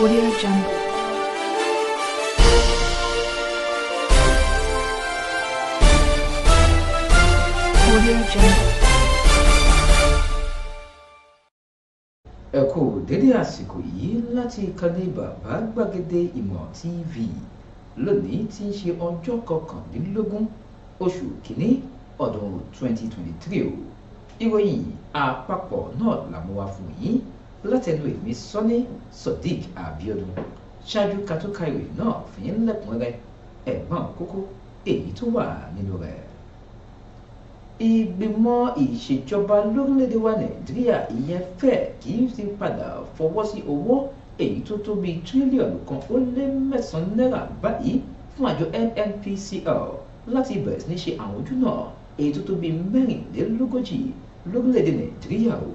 Audio Jungle. Audio Jungle. ẹ kú dédé àsìkò yìí láti ìkànnì bàbá gbàgede ìmọ̀ tv lónìí tí ń ṣe ọjọ́ kọkàndínlógún oṣù kínní ọdún twenty twenty three o ìròyìn àpapọ̀ náà làmúwa fún yín látẹnu èmi sọ́ni sodiq abiodun ṣáájú ká tó ka ìròyìn náà fìyín lẹ́kùnrẹ́rẹ́ ẹ̀gbọ́n kókó èyí tó wà nínú rẹ̀. ìgbìmọ̀ ìṣèjọba lórílẹ̀‐èdè wa nàìjíríà ìyẹn fẹ́ kì í ti padà fọwọ́ sí owó èyí tó tó bíi tírílíọ̀nù kan ó lé mẹ́sàn-án náírà báyìí fún àjọ nnpcl láti bẹ̀rẹ̀ sí ní ṣe àwọn ojú náà èyí tó tó bíi mẹ́rìnlélógójì lórílẹ̀‐èdè nàìjíríà o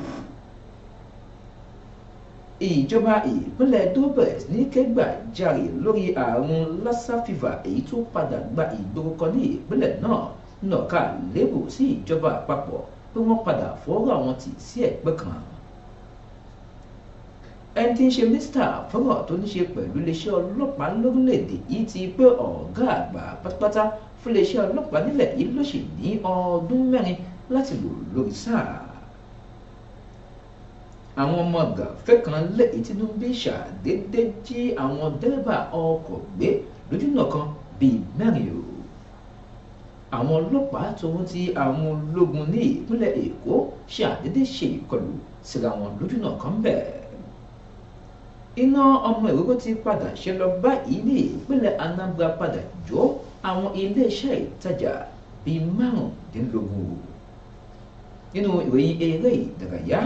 ìjọba ìpínlẹ̀ dobes ní kẹ́gbàjarè lórí àrùn lassa fever èyí tó padà gba ìgboro kan ní ìpínlẹ̀ náà nàka lébù sí ìjọba àpapọ̀ pé wọ́n padà fọwọ́ àwọn tì sí ẹ̀gbẹ́ kan ẹni tí ń ṣe mínísítà fọ́rọ̀ tó ní ṣe pẹ̀lú iléeṣẹ́ ọlọ́pàá lórílẹ̀‐èdè yìí ti pé ọ̀gá àgbà pátápátá fún iléeṣẹ́ ọlọ́pàá nílẹ̀ yìí ló sì ní ọdún mẹ́rin láti lò lórí sáà àwọn ọmọ gàfẹ́ kan lẹ́yìn Tinubu ṣàdédé jí àwọn dẹ́rẹ́bà ọkọ̀ gbé lójúnà kan bíi mẹ́rin o àwọn ọlọ́pàá tòun ti àwọn ológun ní ìpínlẹ̀ Èkó ṣàdédé ṣe ìkọlù síra wọn lójúnà kan bẹ́ẹ̀ iná ọmọ ìrókò ti padà ṣe lọ báyìí ní ìpínlẹ̀ Anambra padà jó àwọn iléeṣẹ́ ìtajà bíi márùndínlógún nínú ìròyìn eré ìdárayá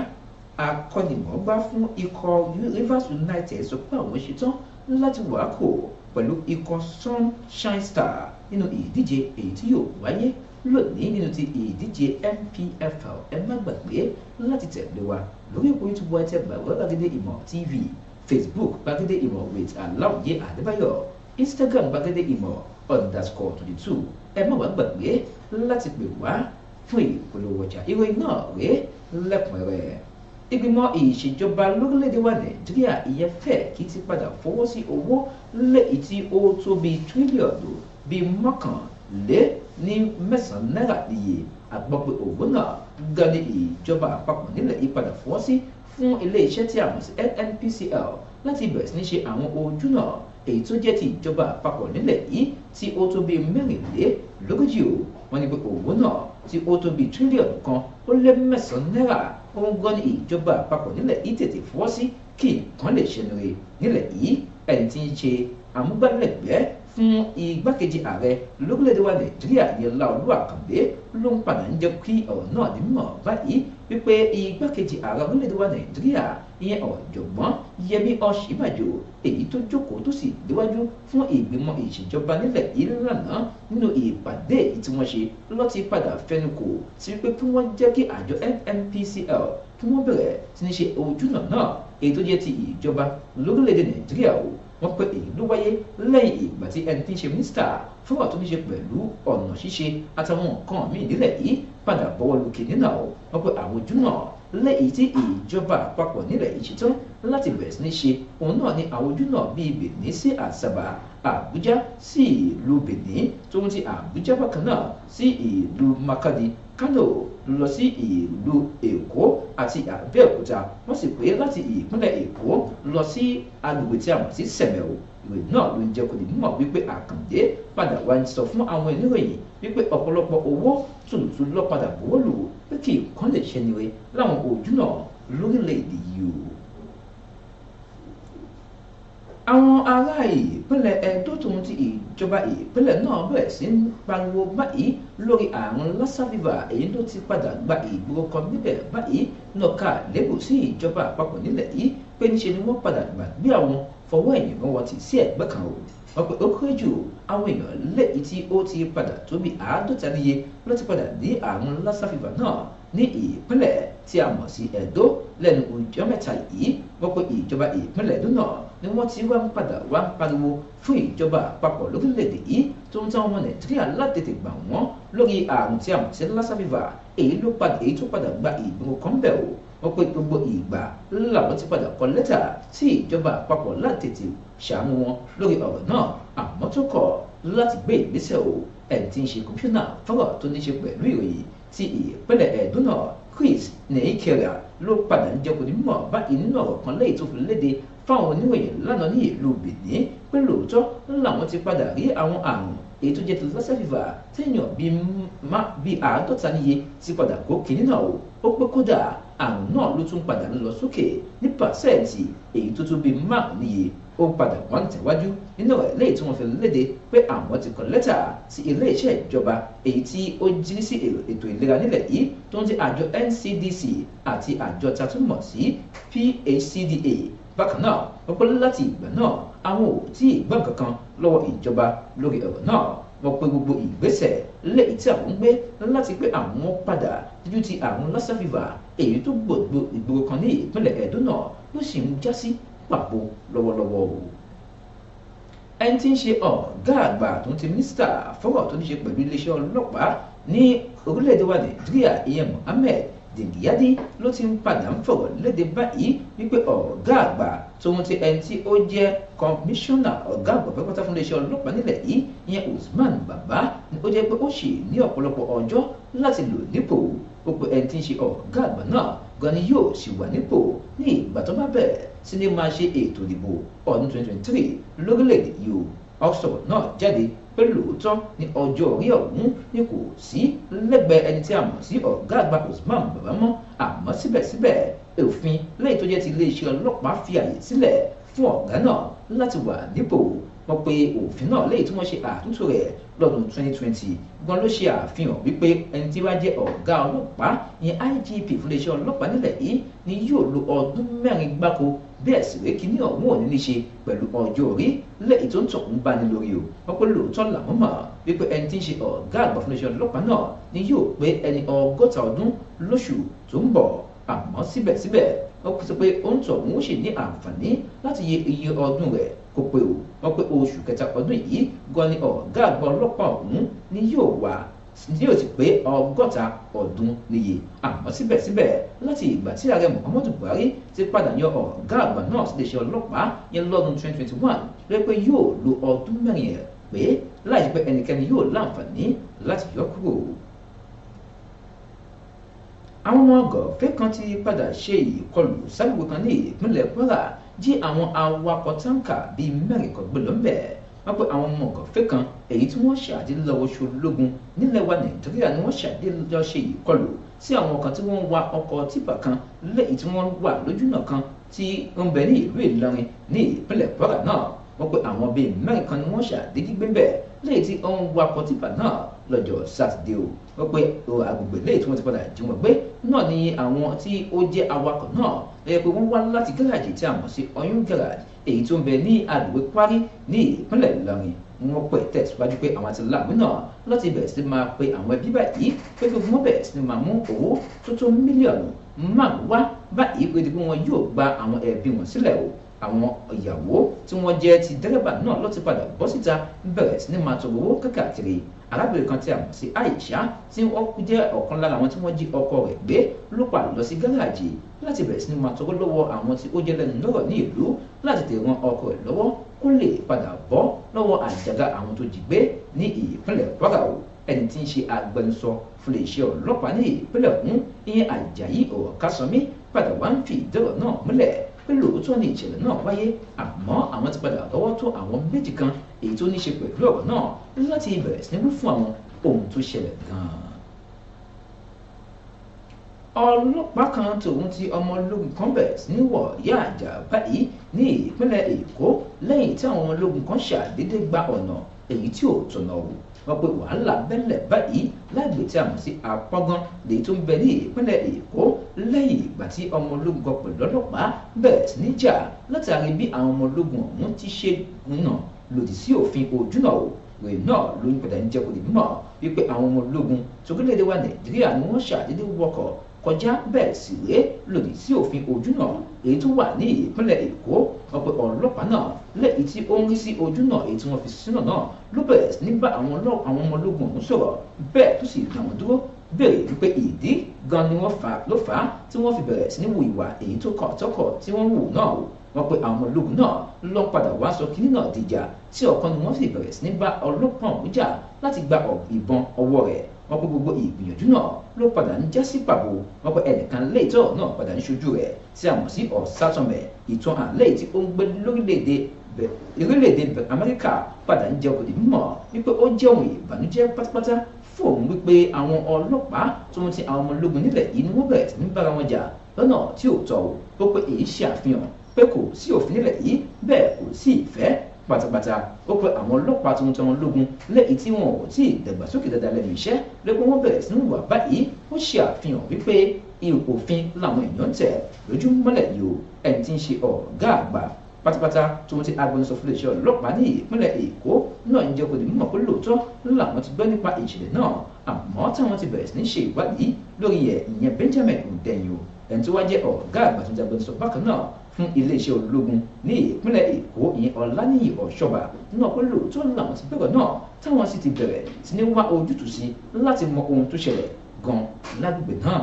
akọ́nimọ̀ọ́gbá fún ikọ̀ Rivers United sọ pé àwọn ṣetán láti wàákò pẹ̀lú ikọ̀ Sunshine Star nínú ìdíje èyí tí yóò wáyé lónìí nínú ti ìdíje MPFL ẹ má gbàgbé láti tẹ̀lé wa lórí ìpò YouTube wa tẹ̀ gbàgbé gbàgede ìmọ̀ TV Facebook gbàgede ìmọ̀ with aláwòye àdébáyọ̀ Instagram gbàgede ìmọ̀ underscore twenty two ẹ má wá gbàgbé láti pè wá fún ìpolówó ọjà ìròyìn náà rèé lẹ́kùnrẹ́rẹ́ ìgbìmọ̀ ìṣèjọba lórílẹ̀‐èdè wa nàìjíríà ìyẹn fẹ́ẹ̀ kí ti padà fọwọ́ sí owó léyìí tí ó tó bíi tírílíọ̀nù bíi mọ́kànlé án náírà nìyí àgbọ̀pẹ̀ owó náà gan ìjọba àpapọ̀ nílẹ̀ yìí padà sí fún iléeṣẹ́ tí a mọ̀ sí NNPCL láti bẹ̀rẹ̀ sí ní ṣe àwọn ojú náà èyí tó jẹ́ ti ìjọba àpapọ̀ nílẹ̀ yìí tí ó tó bíi mẹ́rìnlélógójì o wọ́n ní pé owó náà tí ó tó bíi tírílíọ̀nù kan ó lé mẹ́sàn-án náírà ó ń gọ́ ní ìjọba àpapọ̀ nílẹ̀ yìí tètè fọwọ́ sí kí nǹkan lè ṣẹnu rè nílẹ̀ yìí ẹni tí ń ṣe amúgbálẹ́gbẹ̀ẹ́ fún igbákejì ààrẹ lórílẹ̀‐èdè wa nàìjíríà ní ọláolú àkàndé ló ń padà ń jẹ́ kí ọ̀rọ̀ náà ní mọ̀ báyìí wípé igbákejì ààrẹ orílẹ̀‐èdè wa nàìjíríà ìyẹn ọ̀jọ̀gbọ́n yẹmi ọ̀ṣínbàjò èyí tó jókòó tó sì déwájú fún ìgbìmọ̀ ìṣèjọba nílẹ̀ yìí lánàá nínú ìpàdé èyí tí wọ́n ṣe lọ́ti padà fẹnukò sí pé kí wọ́n jẹ́ kí àjọ NNPCL kí wọ́n bẹ̀rẹ̀ sí ní ṣe ojúnà náà èyí tó jẹ́ ti ìjọba lórílẹ̀‐èdè Nàìjíríà o wọ́n pé èyí ló wáyé lẹ́yìn ìgbà tí ẹni tí ń ṣe mínísítà fún àwọn tó ní ṣe pẹ̀lú ọ̀nà ṣíṣe àtàwọn nǹkan míì yìí padà bọ́wọ́ lu kìnìún náà wọ́n pé àwọn ojú lẹ́yìn tí ìjọba àpapọ̀ nílẹ̀ yìí ṣetán láti bẹ̀rẹ̀ sí ní ṣe òun náà ni àwọn ojú náà bíi Benin sí Àsàbà Àbújá sí ìlú Benin tóun ti Àbújá bákan náà sí ìlú Makadi Kano lọ sí ìlú Èkó àti Àbẹ́òkúta wọ́n sì pé láti ìpínlẹ̀ Èkó lọ sí agbègbè tí a mọ̀ sí Sẹ̀mẹ̀wò ìwé náà ló ń jẹ́ kó di mímọ̀ wípé àkàndé padà wá sọ fún àwọn oníròyìn wípé ọ̀pọ̀lọpọ̀ owó tùlùtù lọ padà bówó pé kí nǹkan lè ṣe niwe láwọn òjúnà lórílẹ̀‐èdè yìí o. àwọn ará ìpínlẹ̀ Ẹdó tòun ti ìjọba ìpínlẹ̀ náà bẹ̀rẹ̀ sí ń pariwo báyìí lórí àrùn lassa fever èyí ló ti padà gba ìgboro kan níbẹ̀ báyìí náà ká lébù sí ìjọba àpapọ̀ nílẹ̀ yìí pé níṣe ni wọ́n padà gbàgbé àwọn fọwọ́ ẹ̀yìn mọ́wọ́ ti sí ẹ̀gbẹ́ kan o wọ́n pe ó kéré jù àwọn èèyàn léyìí tí ó ti padà tó bí àádọ́ta níye ló ti padà ní àrùn lassa fever náà ní ìpínlẹ̀ tí a mọ̀ sí Ẹdó lẹ́nu ọjọ́ mẹ́ta yìí wọ́n pe ìjọba ìpínlẹ̀ Ẹdó náà ni wọ́n ti wá ń padà wá ń pariwo fún ìjọba àpapọ̀ lórílẹ̀‐èdè yìí tó ń táwọn ọmọ Nàìjíríà látètè gbà wọ́n lórí àrùn tí a mọ̀ sí lassa fever èyí tó padà gba ìgbìmọ̀ kan bẹ̀ o wọ́n pé gbogbo ìgbà làwọn ti padà kọ lẹ́tà sí ìjọba àpapọ̀ láti tètè ṣàánú wọn lórí ọ̀rọ̀ náà àmọ́ tó kọ̀ láti gbé ìgbésẹ̀ o ẹni tí ń ṣe kọmíṣánná fọ́rọ̀ tó ní ṣe pẹ̀lú ìròyìn ti ìpínlẹ̀ Ẹ̀dó náà Chris Nìkẹ́rà ló padà ń jẹ́ kó ní mímọ̀ báyìí nínú ọ̀rọ̀ kan lẹ́yìn tó fi léde fáwọn oníròyìn lánàá ní ìlú Benin pé lóòótọ́ làwọn ti padà rí àwọn àrùn èyí tó lọ́sẹ̀ fìfà téèyàn bíi àádọ́ta níye ti padà kó kìnínà o ó pé kódà àrùn náà ló tún padà ń lọ sókè ní pàṣẹ́ẹ̀tì èyí tó tó bíi márùn níye ó padà wọ́n ń tẹ̀wájú nínú ẹ̀lẹ́yìí tí wọ́n fi léde pé àwọn ti kọ lẹ́tà sí iléeṣẹ́ ìjọba èyí tí ó jírí sí ètò ìlera nílẹ̀ yìí tó ń ti àjọ NCDC àti àjọ tá tún mọ̀ sí PHCDA bákan náà wọ́n pẹ́ láti ìgbà náà àwọn ò tí ì gbọ́n kankan lọ́wọ́ ìjọba lórí ọ̀rọ̀ náà wọ́n pe gbogbo ìgbésẹ̀ lẹ́yìn tí àwọn ń gbé láti pé àwọn padà dúdú ti àwọn lassa fever èyí tó gbògbò ìgboro kan ní ìpínlẹ̀ Ẹdó náà ló sì ń já sí pàbó lọ́wọ́lọ́wọ́ o ẹni tí ń ṣe ọ̀gá àgbà tó ti mínísítà fọ́rọ̀ tó ní ṣe pẹ̀lú iléeṣẹ́ ọlọ́pàá ní orílẹ̀-èdè wa Nàìjíríà ìyẹn Mohammed dìgíyádì ló ti ń padà ń fọ̀rọ̀ léde báyìí wípé ọ̀gá àgbà tóun ti ẹni tí ó jẹ́ kọmíṣánná ọ̀gá àgbà pátápátá fún iléeṣẹ́ ọlọ́pàá nílẹ̀ yìí ìyẹn Usman Baba ó jẹ́ pé ó ṣì ní ọ̀pọ̀lọpọ̀ ọjọ́ láti lò nípò ó pe ẹni tí ń ṣe ọ̀gá àgbà náà gan ni yóò sì wà nípò ní ìgbà tó bá bẹ̀rẹ̀ sí ni máa ṣe ètò ìdìbò ọdún 2023 lórílẹ̀‐èdè yìí o oxford náà jáde pé lóòótọ́ ní ọjọ́ orí ọ̀hún ni kò sí lẹ́gbẹ̀ẹ́ ẹni tí a mọ̀ sí ọ̀gá àgbà usman bàbá mọ́ àmọ́ síbẹ̀síbẹ̀ òfin lẹ́yìn tó jẹ́ ti iléeṣẹ́ ọlọ́pàá fi àyè sílẹ̀ fún ọ̀gá náà láti wà nípò wọ́n pe òfin náà lẹ́yìn tí wọ́n ṣe àtúntò rẹ̀ lọ́dún 2020 gan ló ṣe àfihàn wípé ẹni tí wàá jẹ́ ọ̀gá ọlọ́pàá ní IGP fúnléṣẹ́ ọlọ́pàá nílẹ̀ yìí ni yóò lo ọdún mẹ́rin gbáko bẹ́ẹ̀ sì ré kíní ọ̀hún ò ní pẹ̀lú ọjọ́ orí lẹ́yìn tó ń tọ̀ ń báni lórí o wọ́n pé lóòótọ́ làwọn mọ̀ wípé ẹni tí ń ṣe ọ̀gá àgbà fúnléṣẹ́ ọlọ́pàá náà ni yóò pé ẹni ọgọ́ta ọdún lóṣù tó ń bọ̀ àmọ́ síbẹ̀síbẹ̀ ó sọ pé ó ń tọ̀ òun ó sì ní àǹfààní láti yẹ iye ọdún rẹ̀ kó pé o wọ́n pé oṣù kẹta ọdún yìí gan ni ọ̀gá àgbà ọlọ́pàá ọ̀hún ni yóò wà yóò ti pé ọgọ́ta ọdún níye àmọ́ síbẹ̀síbẹ̀ láti ìgbà tí ààrẹ Muhammadu Buhari ti padà yan ọ̀gá àgbà náà sílé iṣẹ́ ọlọ́pàá yẹn lọ́dún 2021 rẹ pé yóò lo ọdún mẹ́rin ẹ̀ pé láì pé ẹnikẹ́ni yóò láǹfààní láti yọ kúrò àwọn ọmọ gọ̀ọ́fẹ́ kan ti padà ṣe ìkọlù sábìwé kan ní ìpínlẹ̀ Kwara jí àwọn awakọ̀ táǹkà bíi mẹ́rin kan gbé lọ ń bẹ̀ wọ́n pe àwọn ọmọ ọ̀gànfẹ́ kan èyí tí wọ́n ṣàdé lọ́wọ́ ṣológun nílẹ̀ wa nàìjíríà ni wọ́n ṣàdé lọ ṣe ìkọlù sí àwọn kan tí wọ́n ń wa ọkọ̀ tìpà kan lẹ́yìn tí wọ́n wà lójúnà kan tí ń bẹ ní ìlú ìlọrin ní ìpínlẹ̀ kwara náà wọ́n pe àwọn bíi mẹ́rin kan ni wọ́n ṣàdédé gbé bẹ̀ lẹ́yìn tí ó ń wakọ̀ tìpà náà lọ́jọ́ sátidé o wọ́n pe agbègbè lẹ́yìn tí wọ́n ti padà jí wọn gbé náà ni àwọn tí ó jẹ́ awakọ̀ náà ẹ pé wọ́n wá láti gáràjì tí a mọ̀ sí ọyún gáràjì èyí tó ń bẹ ní àdúgbò kwari ní ìpínlẹ̀ ìlọrin wọ́n pẹ̀ tẹ̀síwájú pé àwọn àti láàmú náà láti bẹ̀rẹ̀ sí máa pe àwọn ẹbí báyìí pé kí wọ́n bẹ̀rẹ̀ sí máa mú owó tó tó mílíọ̀nù márùn-ún wá báyìí pé kí wọ́n yóò gba àwọn ẹbí wọn sílẹ̀ o àwọn ìyàwó tí wọ́n jẹ́ ti dẹ́rẹ́bà náà ló ti padà bọ́ síta bẹ̀rẹ̀ sí ní máa tọrọ owó káàkiri arábìnrin kan tí a mọ̀ sí Aisha tí wọ́n jẹ́ ọ̀kan lára àwọn tí wọ́n jí ọkọ rẹ̀ gbé ló pa lọ sí gáràjì láti bẹ̀rẹ̀ sí ni máa tọrọ lọ́wọ́ àwọn tí ó jẹ́ lẹ́nu lọ́rọ̀ ní ìlú láti tẹ̀ wọn ọkọ rẹ̀ lọ́wọ́ kó lè padà bọ́ lọ́wọ́ àjàgà àwọn tó jí gbé ní ìpínlẹ̀ Kwara ẹni tí ń ṣe agbẹnusọ fún iléeṣẹ́ ọlọ́pàá ní ìpínlẹ̀ ọ̀hún ìyẹn Àjàyí Ọ̀kásánmí padà wá ń fi ìdọ̀rọ̀ náà múlẹ̀ pé lóòótọ́ ni ìṣẹ̀lẹ̀ náà wáyé àmọ́ àwọn ti padà lọ́wọ́ tó àwọn méjì kan èyí tó ní ṣe pẹ̀lú ọ̀rọ̀ náà láti bẹ̀rẹ̀ sí ní fún àwọn ohun tó ṣẹlẹ̀ gan-an. ọlọ́pàá kan tòun ti ọmọ kan bẹ̀rẹ̀ sí ní wọ̀ ìyá àjà báyìí ní ìpínlẹ̀ èkó lẹ́yìn tí àwọn ọmọ kan ṣàdédé gba ọ̀nà èyí tí ò tọ̀nà wò wọ́n pe wàhálà bẹ́lẹ̀ báyìí lágbè tí a mọ̀ sí apọ́gán lèyí tó ń bẹ ní ìpínlẹ̀ èkó lẹ́yìn ìgbà tí ọmọ ológun kan pẹ̀lú ọlọ́pàá bẹ̀rẹ̀ sí ní jà látàrí bí àwọn ọmọ ológun ọ̀hún ti ṣe gùn náà lòdì sí òfin ojúnà o ìwé náà ló ń padà ń jẹ́ kó di mímọ̀ wípé àwọn ọmọ ológun sókèlédè wa nàìjíríà ni wọ́n ṣàdédé wọkọ̀ kọjá bẹ́ẹ̀ sì rèé lòdì sí òfin ojúnà èyí tó wà ní ìpínlẹ̀ èkó ọ̀pẹ ọlọ́pàá náà lẹ́yìn tí ó ń rí sí ojúnà èyí tí wọ́n fi sínú náà ló bẹ̀rẹ̀ sí ní bá àwọn ọmọ ológun ọ̀hún sọ̀rọ̀ bẹ́ẹ̀ tó sì dá wọn dúró béèrè wípé ìdí gan ni wọ́n fà ló fà á tí wọ́n fi bẹ̀rẹ̀ sí ní wo ìwà èyí tó kọ̀ tọ́kọ̀ tí wọ́n ń náà wọ́n pé àwọn ológun náà lọ padà wá sọ kínní náà dìjà tí ọ̀kan ni wọ́n sì bẹ̀rẹ̀ sí ní bá ọlọ́pàá ọ̀hún jà láti gba ìbọn ọwọ́ rẹ̀ wọ́n pé gbogbo ìgbìyànjú náà ló padà ń já sí pàbó wọ́n pé ẹnìkan léètọ́ náà padà ń ṣojú rẹ̀ tí a mọ̀ sí ọ̀sátọ̀mẹ̀ ìtàn àlẹ́ tí ó ń gbé lórílẹ̀‐èdè orílẹ̀-èdè amẹ́ríkà padà ń jẹ́ òdì mímọ̀ wípé ó jẹ́ ohun ìbànújẹ́ pátápátá fún òun wípé àwọn ọlọ́pàá tó mú ti àwọn ọmọ ológun nílẹ̀ yìí ni wọ́n bẹ̀rẹ̀ sí ní bára wọn jà lọ́nà tí ò tọ́ o pé èyí ṣe àfihàn pé kò sí òfin nílẹ̀ yìí bẹ́ẹ̀ kò sí ìfẹ́ pátápátá ó pe àwọn ọlọ́pàá tuntun lógun lẹ́yìn tí wọn ò tí ì dàgbàsókè dáadáa lẹ́nu iṣẹ́ lẹ́gbẹ́ wọn bẹ̀rẹ̀ sí ń wà báyìí ó ṣe àfihàn wípé òfin làwọn èèyàn tẹ̀ lójú mọ́lẹ̀ yìí o ẹni tí ń ṣe ọ̀gá àgbà pátápátá tó ti agbẹnusọ fún iléeṣẹ́ ọlọ́pàá ní ìpínlẹ̀ èkó náà ń jẹ́ kó di mímọ̀ pé lóòótọ́ làwọn ti gbọ́ nípa ìṣẹ̀lẹ̀ náà àmọ́ táwọn ti bẹ̀rẹ̀ sí ní ṣe ìwádìí lórí ẹ̀ ìyẹn Benjamin Hundeyin ẹni tó wá jẹ́ ọ̀gá àgbà tó ti agbẹnusọ bákan náà fún iléeṣẹ́ ológun ní ìpínlẹ̀ èkó ìyẹn ọláníyì ọ̀ṣọ́bà náà pé lóòótọ́ làwọn ti bẹ̀rẹ̀ náà táwọn sì ti bẹ̀rẹ̀ sí ní wá ojútùú sí láti mọ ohun tó ṣẹlẹ̀ gan lágbègbè náà.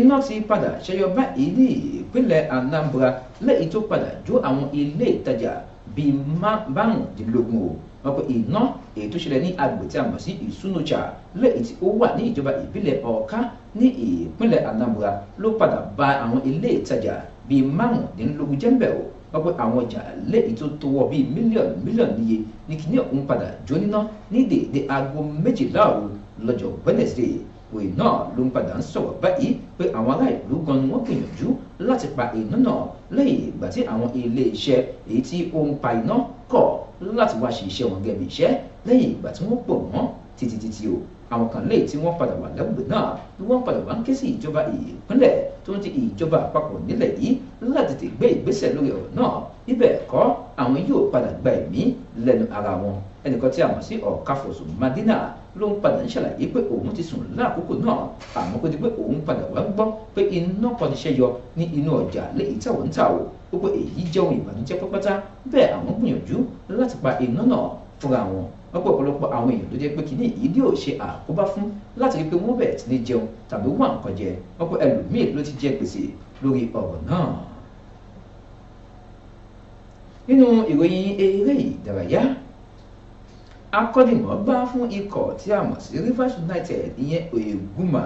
iná ti padà ṣẹyọ báyìí ní ìpínlẹ̀ anambra lẹ́yìn tó padà jó àwọn ilé ìtajà bíi márùndínlógún o wọ́n pe iná èyí tó ṣẹlẹ̀ ní agbè tí a mọ̀ sí ìsúnúcha lẹ́yìn tí ó wà ní ìjọba ìbílẹ̀ ọ̀ká ní ìpínlẹ̀ Anambra ló padà ba àwọn ilé ìtajà bíi márùndínlógún jẹ́ńbẹ̀ o wọ́n pe àwọn ọjà lẹ́yìn tó tọwọ́ bíi mílíọ̀nù mílíọ̀nù níye ní kíní ọ̀hún padà jóníná ní dèédé aago méjìlá òru lọ́jọ́ Wednesday òye náà ló ń padà ń sọ̀rọ̀ báyìí pé àwọn ará ìlú gan ni wọ́n gbìyànjú láti pa iná náà lẹ́yìn ìgbà tí àwọn iléeṣẹ́ èyí tí ó ń pa iná kọ̀ láti wá ṣe iṣẹ́ wọn gẹ́gẹ́ iṣẹ́ lẹ́yìn ìgbà tí wọ́n pọ̀ wọ́n títí títí o àwọn kan léyìí tí wọ́n padà wà lágbègbè náà ni wọ́n padà wà ń ké sí ìjọba ìpínlẹ̀ tó ń ti ìjọba àpapọ̀ nílẹ̀ yìí láti tètè gbé ìgbésẹ̀ lórí ọ̀rọ̀ náà ibẹ̀ kọ́ àwọn yóò padà gba ẹ̀mí lẹ́nu ara wọn ẹnìkan tí a mọ̀ sí ọ̀káfọ̀sọ Madina ló ń padà ń ṣàlàyé pé òun ti sùn lákòókò náà àmọ́ kó di pé òun padà wá gbọ́ pé iná kan ti ṣẹ́yọ ní inú ọjà léyìí táwọn ń tà ó ó èyí jẹ́ ohun ìbànújẹ́ pátápátá bẹ́ẹ̀ àwọn gbìyànjú láti pa iná náà fúnra wọn ọ̀pọ̀lọpọ̀ àwọn èèyàn tó jẹ́ pé kìíní ìdí ò ṣe àkóbá fún láti rí pé wọ́n bẹ̀rẹ̀ sí ní jẹun tàbí wà nǹkan jẹ ọ̀pọ̀ ẹlòmíì ló ti jẹ gbèsè lórí ọ̀rọ̀ náà. nínú ìròyìn eré ìdárayá akọ́nimọ̀ọ́gbá fún ikọ̀ tí a mọ̀ sí Rivers United ìyẹn Oyegunma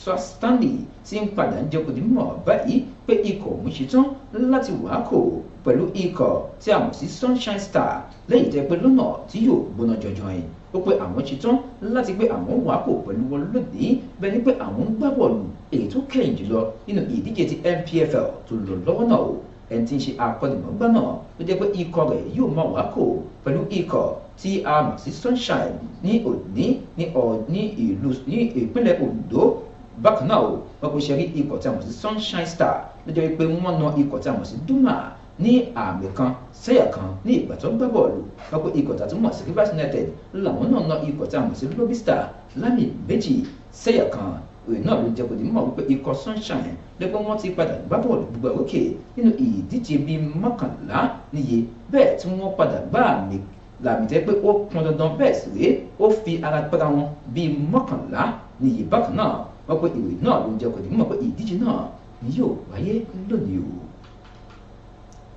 Swastanley ti ń padà ń jẹ́ kó di mímọ̀ báyìí pé ikọ̀ òun ṣetán láti wàá kò pẹ̀lú ikọ̀ tí a mọ̀ sí Sunshine Star lẹ́yìn tẹ́ pé lọ́nà tí yóò gbóná jọjọ yìí ó pé àwọn ṣetán láti pé àwọn wàá kò pẹ̀lú wọn lónìí bẹ́ẹ̀ ni pé àwọn ń gbá bọ́ọ̀lù èyí tó kẹ́yìn jùlọ nínú ìdíje ti NPFL tó lọ lọ́wọ́ náà ẹni tí ń ṣe akọ́nimọ̀ọ́gbá náà ló jẹ́ pé ikọ̀ rẹ̀ yóò máa wàá kò pẹ̀lú ikọ̀ tí a mọ̀ sí sunshine ní òní ní ìlú ní ìpínlẹ̀ Ondo bákan náà o wọn kò ṣe rí ikọ̀ tí a mọ̀ sí sunshine star lọ́jọ́ wípé wọ́n na ikọ̀ tí a mọ̀ sí duma ní àmì kan sẹ́yà kan ní ìgbà tó ń gbá bọ́ọ̀lù wọn kò ikọ̀ tí a mọ̀ sí Rivers United làwọn náà na ikọ̀ tí a mọ̀ sí lobby star lámì méjì sẹ́yà kan òye náà ló jẹ́ kó di mọ̀ wípé ikọ̀ sunshine lẹ́gbẹ́ wọn ti padà gbá bọ́ọ̀lù gbogbo òkè nínú ìdíje bíi mọ́kànlá níye bẹ́ẹ̀ tí wọ́n padà gbá àmì làmì jẹ́ pé ó pọn dandan bẹ́ẹ̀ sì rèé ó fi ara gbára wọn bíi mọ́kànlá ní iye bákan náà wọ́n pé ìròyìn náà ló ń jẹ́ kò ní mọ̀ pé ìdíje náà ni yóò wáyé lónìí o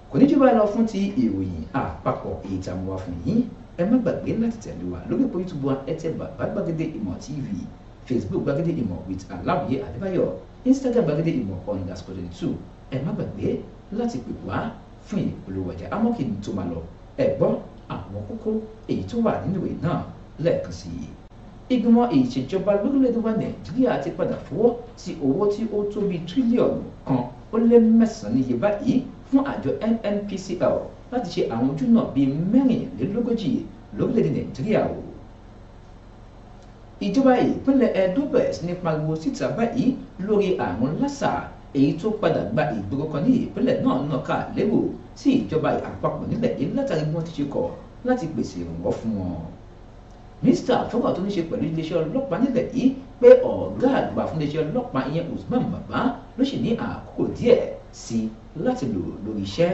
kò ní jù báyìí lọ fún ti ìròyìn àpapọ̀ èyí tá a mú wá fún yín ẹ má gbàgbé láti tẹ̀lé wa lórí ipò youtube wa ẹ tẹ bàbá gbàgede ìmọ̀ tv facebook gbàgede ìmọ̀ with aláwòye bayo instagram gbàgede ìmọ̀ underscore twenty two ẹ má gbàgbé láti pè wá fún ìpolówó ọjà amókè tó máa lọ ẹ gbọ́ àwọn kókó èyí tó wà nínú ìwé náà lẹ́ẹ̀kan sí i ìgbìmọ̀ ìṣèjọba lórílẹ̀‐èdè wa nàìjíríà ti padà fọwọ́ sí owó tí ó tó tírílíọ̀nù kan ó lé mẹ́sàn-án níye báyìí fún àjọ nnpcl láti ṣe àwọn ojú náà bíi mẹ́rìnlélógójì lórílẹ̀‐èdè nàìjíríà o ìjọba ìpínlẹ̀ edo bẹ̀rẹ̀ ní pariwo síta báyìí lórí àrùn lásà èyí tó padà gba ìgboro kan ní ìpínlẹ̀ náà nàka lébù sí ìjọba àpapọ̀ nílẹ̀ yìí látàrí bí wọ́n ti ṣe kọ̀ láti pèsè ìrànwọ́ fún wọn. mínísítà fọ́nrán tó ní ṣe pẹ̀lú iléeṣẹ́ ọlọ́pàá nílẹ̀ yìí pé ọ̀gá àgbà fún iléeṣẹ́ ọlọ́pàá ìyẹn Usman bàbá ló sì ní àkókò díẹ̀ sí láti lò lórí iṣẹ́.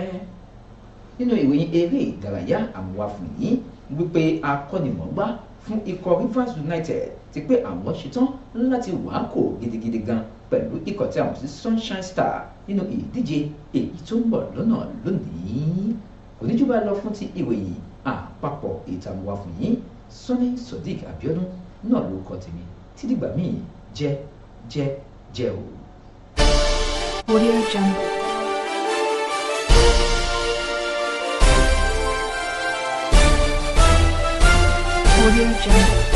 nínú ìròyìn eré ìdárayá àmúwá fún yìí wípé akọ́nimọ̀ọ́gbá United ti pé àwọn ṣetán láti wàá kò gan pẹ̀lú ikọ̀ tí a mọ̀ sí sunshine star nínú ìdíje èyí tó ń bọ̀ lọ́nà lónìí kò ní jù bá lọ fún ti ìròyìn àpapọ̀ ìtàmùwà fún yín Sunny Sodiq Abiodun náà ló kọ tèmi títí dìgbà míì jẹ jẹ jẹ o. Audio Jungle. Audio Jungle.